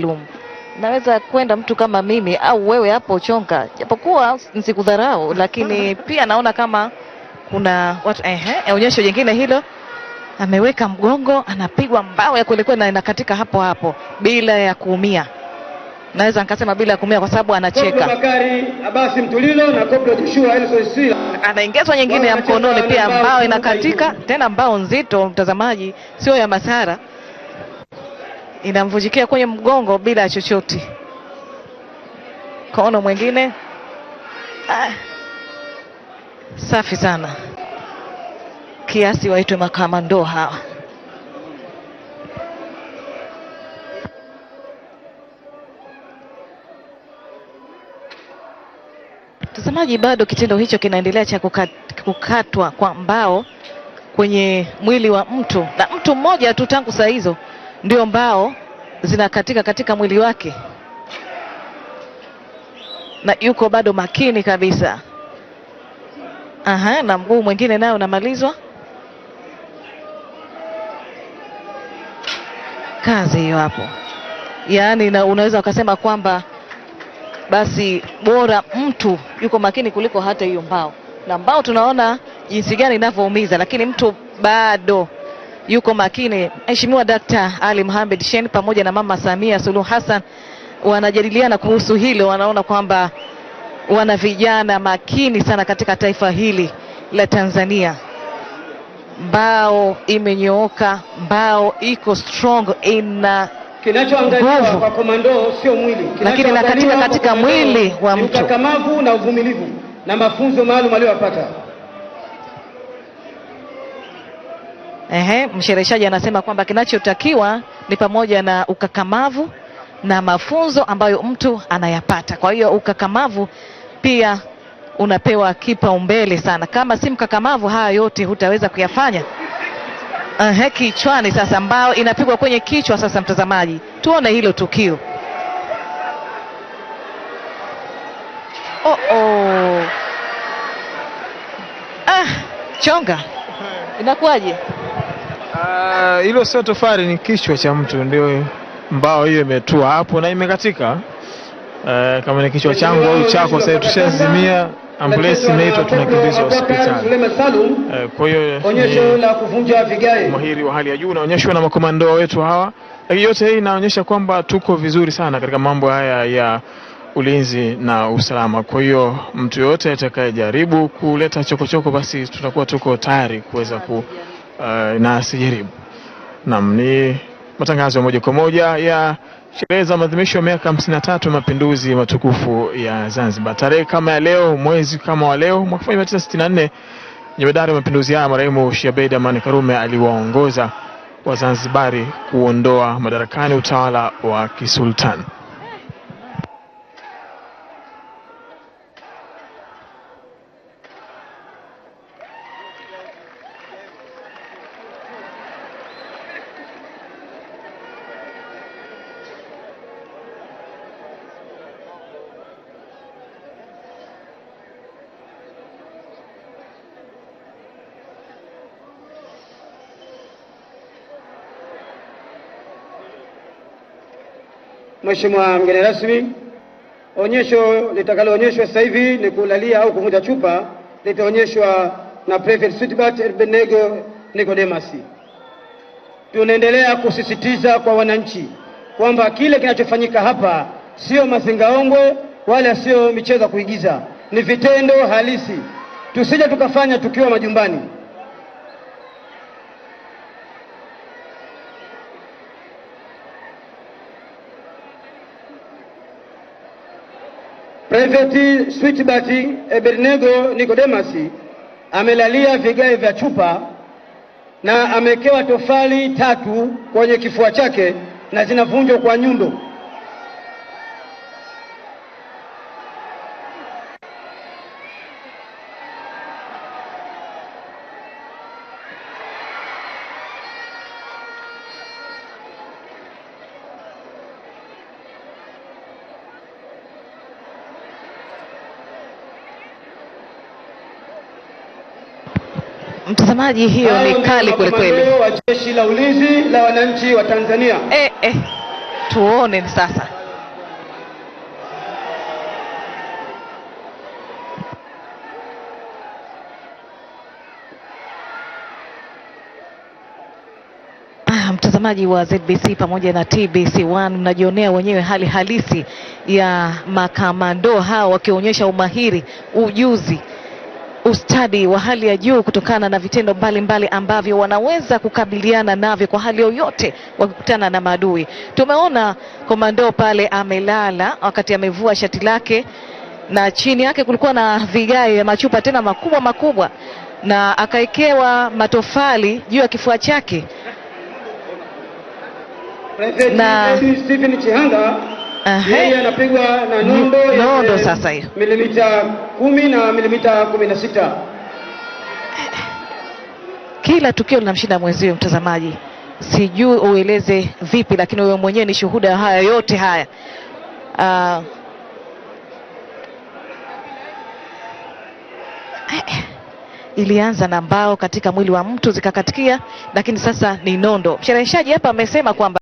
Lumbu. Naweza kwenda mtu kama mimi au wewe hapo Chonka, japokuwa nsikudharau lakini pia naona kama kuna watu ehe, e, onyesho jingine hilo, ameweka mgongo, anapigwa mbao ya kwelikweli na inakatika hapo hapo bila ya kuumia. Naweza nikasema bila ya kuumia kwa sababu anacheka. Bakari Abasi Mtulilo na Joshua anaingezwa nyingine ya mkononi pia, mbao inakatika tena, mbao nzito mtazamaji, sio ya masara inamvujikia kwenye mgongo bila ya chochote. Kono mwingine ah, safi sana kiasi, waitwe makamando hawa. Mtazamaji, bado kitendo hicho kinaendelea cha kukat, kukatwa kwa mbao kwenye mwili wa mtu na mtu mmoja tu tangu saa hizo ndio mbao zinakatika katika mwili wake, na yuko bado makini kabisa. Aha, na mguu mwingine nayo unamalizwa. Kazi hiyo hapo, yaani na unaweza ukasema kwamba basi bora mtu yuko makini kuliko hata hiyo mbao, na mbao tunaona jinsi gani inavyoumiza, lakini mtu bado yuko makini. Mheshimiwa Dakta Ali Mohamed Shein pamoja na Mama Samia Suluhu Hassan wanajadiliana kuhusu hilo, wanaona kwamba wana vijana makini sana katika taifa hili la Tanzania. Mbao imenyooka, mbao iko strong, ina kinachoangaliwa kwa komando sio mwili, lakini nakatika katika mwili wa mtu, mkakamavu na uvumilivu na mafunzo maalum aliyopata. Ehe, mshereheshaji anasema kwamba kinachotakiwa ni pamoja na ukakamavu na mafunzo ambayo mtu anayapata. Kwa hiyo ukakamavu pia unapewa kipaumbele sana. Kama si mkakamavu, haya yote hutaweza kuyafanya. Ehe, kichwani sasa, mbao inapigwa kwenye kichwa. Sasa mtazamaji, tuone hilo tukio. Oh -oh. Ah, chonga inakuwaje? Ah, hilo uh, sio tofali, ni kichwa cha mtu ndio mbao hiyo imetua hapo na imekatika. Uh, kama ni kichwa changu au chako, sasa tushazimia, ambulensi imeitwa, tunakimbizwa hospitali. Uh, kwa hiyo onyesho la kuvunja vigae, mahiri wa hali ya juu unaonyeshwa na makomando wetu hawa, lakini yote hii inaonyesha kwamba tuko vizuri sana katika mambo haya ya ulinzi na usalama. Kwa hiyo mtu yoyote atakayejaribu kuleta chokochoko, basi tutakuwa tuko tayari kuweza ku uh, na sijaribu Naam, ni matangazo ya moja kwa moja ya sherehe za maadhimisho ya miaka 53 mapinduzi matukufu ya Zanzibar. Tarehe kama ya leo, mwezi kama wa leo, mwaka 1964 jemedari wa mapinduzi haya marehemu Sheikh Abeid Amani Karume aliwaongoza Wazanzibari kuondoa madarakani utawala wa kisultani. Mheshimiwa mgeni rasmi, onyesho litakaloonyeshwa sasa hivi ni kulalia au kuvuta chupa, litaonyeshwa na Prefect Switbert Erbenego Nikodemasi. Tunaendelea kusisitiza kwa wananchi kwamba kile kinachofanyika hapa sio mazingaongwe wala sio michezo ya kuigiza, ni vitendo halisi. Tusije tukafanya tukiwa majumbani. Private switbati Ebernego Nikodemasi amelalia vigae vya chupa na amewekewa tofali tatu kwenye kifua chake na zinavunjwa kwa nyundo. Mtazamaji, hiyo ni kali kwelikweli. wa jeshi la ulinzi la wananchi wa Tanzania. Eh, eh, tuone sasa ah, Mtazamaji wa ZBC pamoja na TBC1, mnajionea wenyewe hali halisi ya makamando hao wakionyesha umahiri, ujuzi ustadi wa hali ya juu kutokana na vitendo mbalimbali ambavyo wanaweza kukabiliana navyo kwa hali yoyote wakikutana na maadui. Tumeona komando pale amelala wakati amevua shati lake, na chini yake kulikuwa na vigae ya machupa tena makubwa makubwa, na akaekewa matofali juu ya kifua chake na yeye anapigwa na nondo. Eh, sasa hiyo milimita kumi na milimita kumi na sita. Kila tukio linamshinda mwenzio, mtazamaji, sijui ueleze vipi, lakini wewe mwenyewe ni shuhuda haya yote haya. Uh, ilianza na mbao katika mwili wa mtu zikakatikia, lakini sasa ni nondo. Mshereheshaji hapa amesema kwamba